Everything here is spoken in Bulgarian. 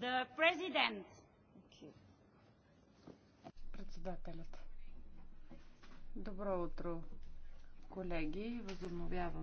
The President. Председателят. Добро утро, колеги. Възобновявам.